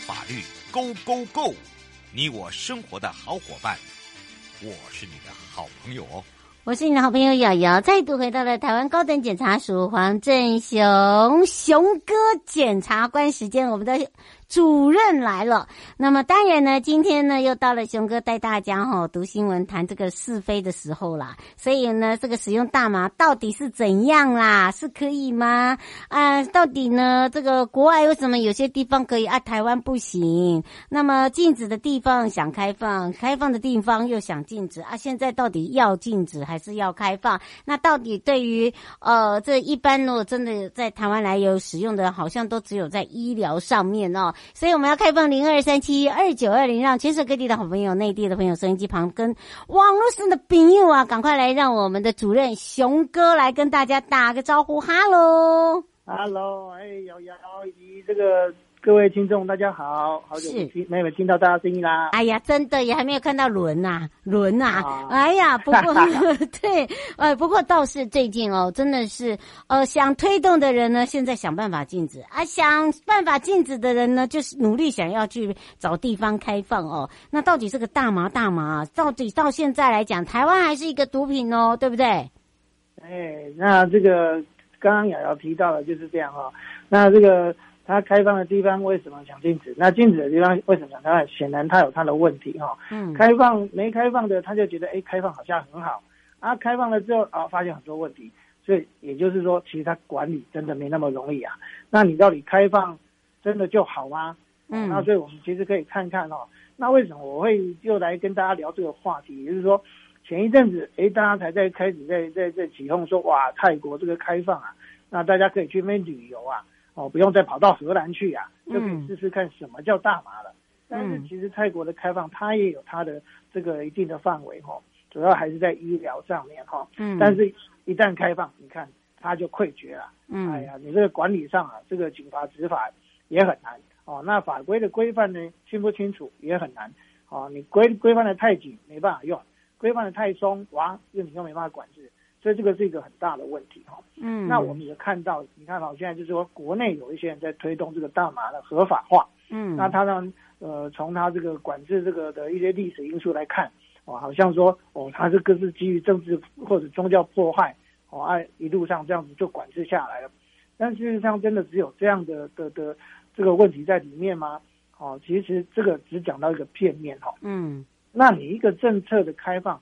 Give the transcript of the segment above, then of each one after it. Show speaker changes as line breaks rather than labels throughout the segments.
法律 Go Go Go，你我生活的好夥伴，我是你的好朋友，
我是你的好朋友瑤瑤，再度回到了台灣高等檢察署黃正雄雄哥檢察官時間，我們的。主任來了，那麼當然呢，今天呢又到了雄哥帶大家哈、哦、讀新聞、談這個是非的時候啦。所以呢，這個使用大麻到底是怎樣啦？是可以嗎？啊，到底呢這個國外為什麼有些地方可以啊，台灣不行？那麼禁止的地方想開放，開放的地方又想禁止啊？現在到底要禁止還是要開放？那到底對於呃這一般呢真的在台灣來有使用的好像都只有在醫療上面哦。所以我們要開放零二三七二九二零，讓全省各地的好朋友、內地的朋友、收音機旁跟網絡上的朋友啊，趕快來讓我們的主任雄哥來跟大家打個招呼，哈嘍，哈嘍、哎，哎幺阿姨，這個。各位聽眾，
大家好，好久沒有聽到大家聲音
啦。哎呀，真的也還沒有看到輪吶、啊，輪吶、啊。啊、哎呀，不過 對，呃，不過倒是最近哦，真的是呃，想推動的人呢，現在想辦法禁止啊，想辦法禁止的人呢，就是努力想要去找地方開放哦。那到底這個大麻，大麻到底到現在來講，台灣還是一個毒品哦，對不對？哎，那這個剛剛瑤瑤提到的就是這
樣哈。那這個。剛剛芽芽他開放的地方為什麼想禁止？那禁止的地方為什麼想開放？想？顯然他有他的問題哈、哦。嗯。開放沒開放的，他就覺得哎、欸，開放好像很好啊。開放了之後啊，發現很多問題，所以也就是說，其實他管理真的沒那麼容易啊。那你到底開放真的就好嗎？嗯。那所以我們其實可以看看哦。那為什麼我會又來跟大家聊這個話題？也就是說前一陣子哎、欸，大家才在開始在在在，在起哄說哇，泰國這個開放啊，那大家可以去那邊旅遊啊。哦，不用再跑到荷蘭去呀、啊，就可以試試看什麼叫大麻了。嗯、但是其實泰國的開放，它也有它的這個一定的範圍哈，主要還是在醫療上面哈、哦。嗯。但是一旦開放，你看它就潰決了。嗯、哎呀，你這個管理上啊，這個警罰執法也很難。哦，那法規的規範呢，清不清楚也很難。哦，你規規範的太緊沒辦法用，規範的太鬆哇，又你又沒辦法管制。所以這個是一個很大的問題哈，嗯，那我們也看到，你看哈，現在就是說國內有一些人在推動這個大麻的合法化，嗯，那他呢，呃，從他這個管制這個的一些歷史因素來看，哦，好像說哦，他這個是基於政治或者宗教迫害，哦，哎，一路上這樣子就管制下來了，但事實上真的只有這樣的的的這個問題在裡面嗎？哦，其實這個只講到一個片面哈，哦，嗯，那你一個政策的開放。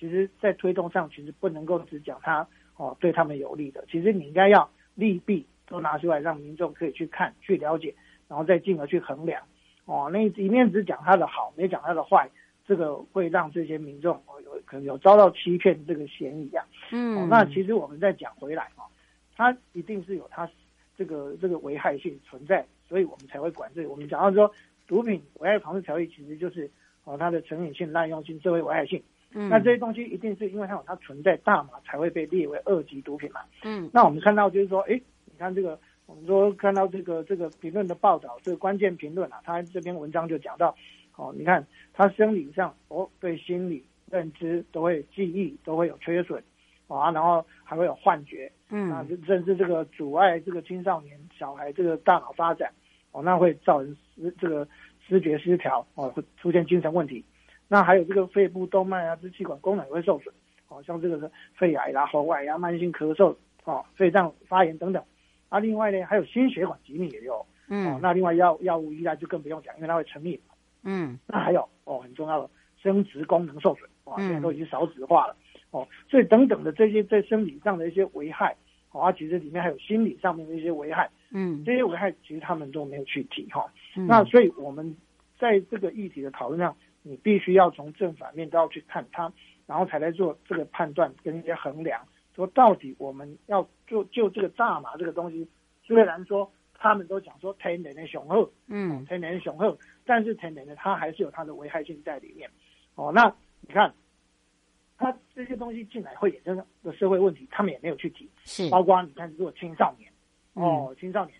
其實，在推動上，其實不能夠只講它哦，對他們有利的。其實你應該要利弊都拿出來，讓民眾可以去看、去了解，然後再進而去衡量。哦，那一面只講它的好，沒講它的壞，這個會讓這些民眾、哦、有可能有遭到欺騙這個嫌疑啊。哦、嗯、
哦，那其實我們
再講回來啊，它、哦、一定是有它這個這個危害性存在，所以我們才會管這個。我們講到說，毒品危害防制條例其實就是哦，它的成癮性、濫用性、社會危害性。嗯，那這些東西一定是因為它有它存在大麻，才會被列為二級毒品嘛。嗯，那我們看到就是說，誒、欸，你看這個，我們說看到這個這個評論的報道，這個關鍵評論啊，他這篇文章就講到，哦，你看他生理上哦，對心理認知都會有記憶都會有缺損啊、哦，然後還會有幻覺，嗯，啊，甚至這個阻礙這個青少年小孩這個大腦發展哦，那會造成失這個思覺失調哦，會出現精神問題。那還有這個肺部動脈啊，支氣管功能也會受損，好、哦、像這個是肺癌啦、啊、喉癌呀、啊、慢性咳嗽啊、肺、哦、臟發炎等等，啊，另外呢，還有心血管疾病也有，哦、嗯、哦，那另外藥藥物依賴就更不用講，因為它會成癮嘛，嗯，那還有哦，很重要的生殖功能受損，啊、哦，嗯、現在都已經少子化了，哦，所以等等的這些在生理上的一些危害，哦、啊，其實裡面還有心理上面的一些危害，嗯，這些危害其實他們都沒有去提哈，哦嗯、那所以我們在這個議題的討論上，你必須要從正反面都要去看他，然後才來做這個判斷跟一些衡量，說到底我們要做就，就這個大麻，這個東西，雖然說他們都講說天然的雄厚，嗯、哦，天然的雄厚，但是天然的她還是有她的危害性在裡面。哦，那你看，他這些東西進來會產生的社會問題，他們也沒有去提，是包括你看，如果青少年，哦，嗯、青少年，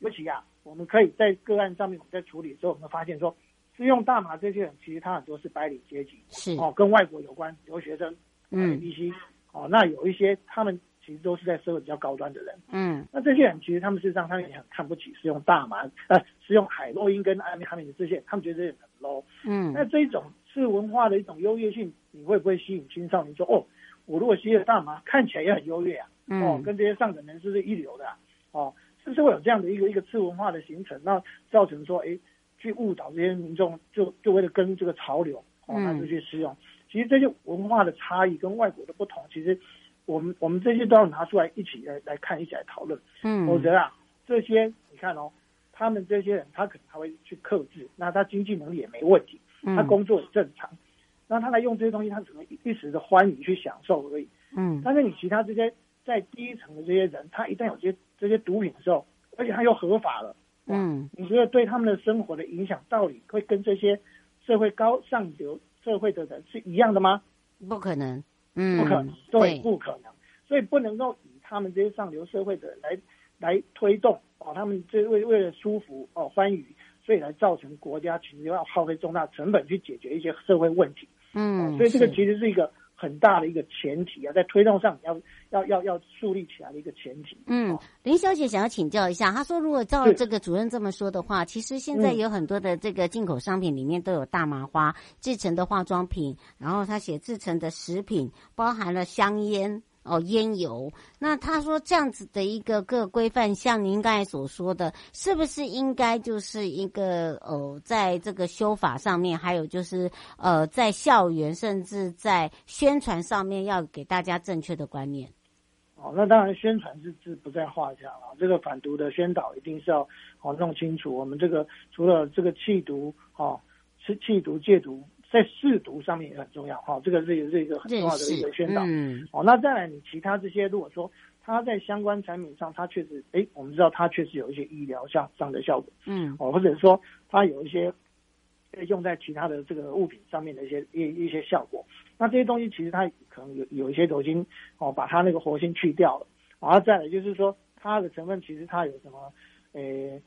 尤其啊，我們可以在個案上面我們在處理之後，我們會發現說。使用大麻這些人，其實他很多是白領階級，是哦，跟外國有關留學生，嗯，一些哦，那有一些他們其實都是在社會比較高端的人，嗯，那這些人其實他們事實上他們也很看不起使用大麻，呃，使用海洛因跟安非他命的這些，他們覺得這很 low，嗯，那這一種次文化的一種優越性，你會不會吸引青少年說哦，我如果吸了大麻，看起來也很優越啊，嗯、哦，跟這些上等人士是一流的，啊，哦，是不是會有這樣的一個一個次文化的形成，那造成說哎？誒去誤導這些民眾就，就就為了跟這個潮流，他、哦、就去使用。嗯、其實這些文化的差異跟外國的不同，其實我們我們這些都要拿出來一起來一起來，來看，一起來討論。嗯，否則啊，這些你看哦，他們這些人他可能他會去克制，那他經濟能力也沒問題，他工作也正常，嗯、那他來用這些東西，他只能一時的歡愉去享受而已。嗯，但是你其他這些在第一層的這些人，他一旦有些這些毒品的時候，而且他又合法了。嗯，你覺得對他們的生活的影響，到底會跟這些社會高上流社會的人是一樣
的嗎？不可能，嗯，不可能，對，不可
能。對所以不能夠以他們這些上流社會的人來來推動哦，他們這為為了舒服哦，歡愉，所以來造成國家其實要耗費重大成本去解決一些社會問題。嗯、呃，
所以這個其
實是一個。很大的一個前提啊，在推動上要要要要樹立起來的一
個前提、啊。嗯，林小姐想要請教一下，她說如果照這個主任這麼說的話，對 其實現在有很多的這個進口商品裡面都有大麻花製成的化妝品，嗯、然後她寫製成的食品包含了香菸。哦，煙油。那他說這樣子的一個個規範，像您剛才所說的，是不是應該就是一個呃，在這個修法上面，還有就是呃，在校園甚至在宣傳上面，要給大家正確的觀念。哦，
那當然宣，宣傳是是不在話下了。這個反毒的宣導一定是要哦弄清楚。我們這個除了這個緝毒啊，是、哦、緝毒戒毒。在試毒上面也很重要哈，這個是是一個很重要的一個宣導。嗯。哦，那再來你其他這些，如果說它在相關產品上，它確實，哎，我們知道它確實有一些醫療上上的效果，嗯，哦，或者說它有一些用在其他的這個物品上面的一些一一些效果。那這些東西其實它可能有有一些都已經哦把它那個活性去掉了。然後，哦，再來就是說它的成分其實它有什麼，誒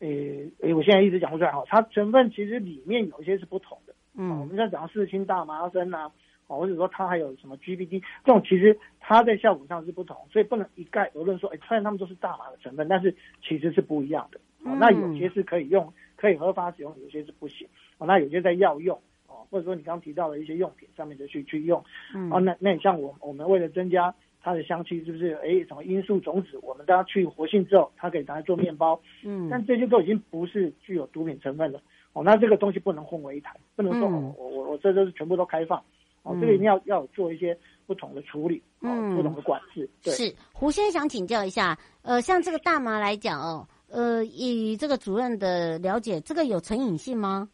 誒誒，我現在一直講不出來哈，它成分其實裡面有一些是不同的。嗯、哦，我們現在講四氫大麻酚啊、哦，或者說它還有什麼 C B D 這種，其實它在效果上是不同，所以不能一概而論說，哎、欸，雖然他們都是大麻的成分，但是其實是不一樣的。啊、哦，
嗯、那有些
是可以用，可以合法使用，有些是不行。啊、哦，那有些在藥用，啊、哦，或者說你剛提到的一些用品上面就去去用。嗯、啊，那那你像我們我們為了增加它的香氣，是不是？哎、欸，什麼罌粟種子，我們大家去活性之後，它可以拿來做麵包。嗯，但這些都已經不是具有毒品成分了。哦，那這個東西不能混為一談，不能說、嗯、哦，我我我這都是全部都開放，哦，嗯、這個一定要要做一些不同的處理，
哦，嗯、不同的管制。對。是，胡先想請教一下，呃，像這個大麻來講哦，呃，以這個主任的了解，這個有成癮性嗎？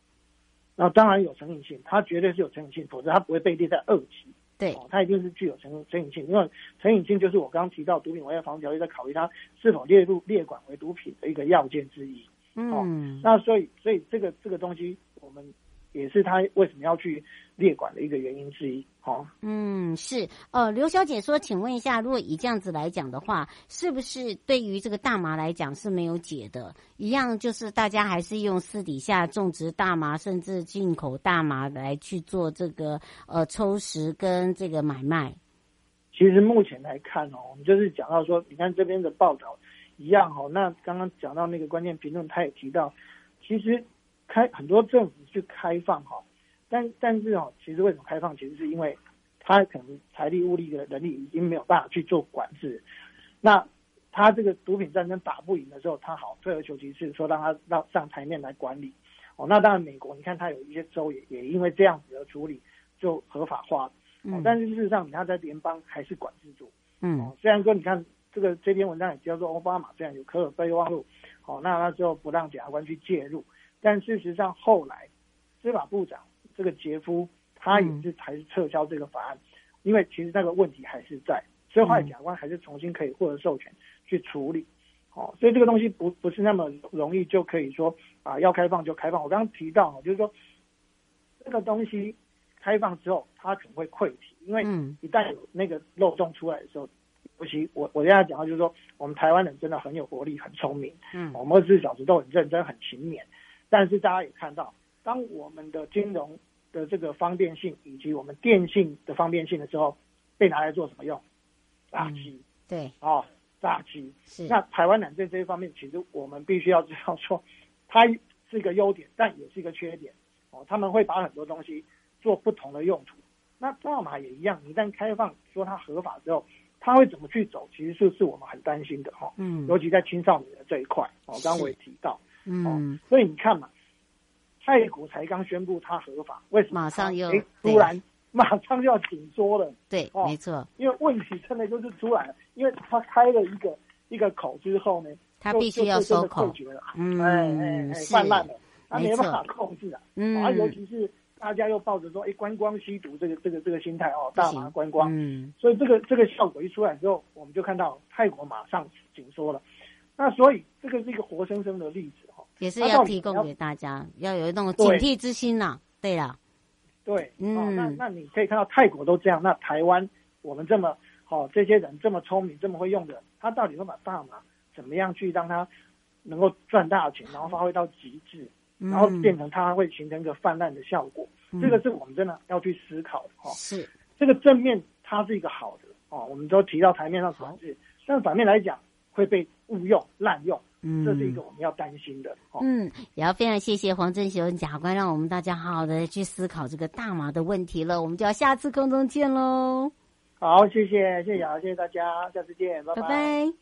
那、哦、當然有成癮性，它絕對是有成癮性，否則它不會被列在二級。
對，它、哦、一定是具有成成
癮性，因為成癮性就是我剛剛提到毒品危害防制條例在考慮它是否列入列管為毒品的一個要件之一。嗯、哦，那所以，所以這個這個東西，我們也是他為什麼要去列管的一個原因之一。好、
哦，嗯，是呃，劉小姐說，請問一下，如果以這樣子來講的話，是不是對於這個大麻來講是沒有解的？一樣就是大家還是用私底下種植大麻，甚至進口大麻來去做這個呃抽食跟這個買賣。其實目前
來看哦，我們就是講到說，你看這邊的報道。一樣哈、哦，那剛剛講到那個關鍵評論，他也提到，其實開很多政府去開放哈，但但是哦，其實為什麼開放？其實是因為他可能財力物力的能力已經沒有辦法去做管制，那他這個毒品戰爭打不贏的時候，他好退而求其次說讓他讓上台面來管理哦。那當然，美國你看他有一些州也也因為這樣子的處理就合法化，哦、但是事實上他在聯邦還是管制住，嗯，雖然說你看。這個這篇文章也叫做奧巴馬這樣有可爾備忘錄，哦，那他就不讓檢察官去介入。但事實上後來司法部長這個傑夫他也是還是撤銷這個法案，嗯，因為其實那個問題還是在，所以後來檢察官還是重新可以獲得授權去處理。哦，所以這個東西不不是那麼容易就可以說啊要開放就開放。我剛剛提到就是說這個東西開放之後它可能會潰堤，因為一旦有那個漏洞出來的時候。嗯不行，我我跟大家講到就是說，我們台灣人真的很有活力，很聰明，嗯，我們二十四小時都很認真，很勤勉。但是大家也看到，當我們的金融的這個方便性，以及我們電信的方便性的時候，被拿來做什麼用？垃圾，對，哦，垃圾。是那台灣人在這一方面，其實我們必須要知道說，它是一個優點，但也是一個缺點。哦，他們會把很多東西做不同的用途。那大麻也一樣，一旦開放說它合法之後。他會怎麼去走？其實是我們很擔心的哈。嗯，尤其在青少年的這一塊哦，剛剛我也提到。嗯，所以你看嘛，泰國才剛宣布他合法，
為什麼馬上又突然
馬上就要緊縮了？對，沒錯，因為問題真的就是出來了，因為他開了一個一個口之後呢，他必須要收口絕了。嗯，哎，慢慢的，他沒辦法控制啊，嗯，尤其是。大家又抱着說，哎、欸，觀光吸毒這個、這個、這個、這個、心態哦，不行，大麻觀光，嗯，所以這個這個效果一出來之後，我們就看到泰國馬上緊縮了。那所以這個是
一個活生生的例子哈、哦，也是要提供給大家，要給大家，要有一種警惕之心吶、啊。對，對啦。對，
嗯，哦、那那你可以看到泰國都這樣，那台灣我們這麼好、哦，這些人這麼聰明，這麼會用的，他到底會把大麻怎麼樣去讓他能夠賺大錢，然後發揮到極致？然後變成它會形成一個氾濫的效果，嗯、這個是我們真的要去思考的、嗯、哦。是，這個正面它是一個好的、哦、我們都提到台面上討論，嗯、但反面來講會被誤用濫用，嗯，這是一個我們要擔心的，
嗯、哦、也要非常謝謝黃正雄檢察官，讓我們大家好好的去思考這個大麻的問題了。我們就要下次空中見嘍。好，謝謝，謝謝，嗯、謝
謝大家，下次見，拜拜。拜拜。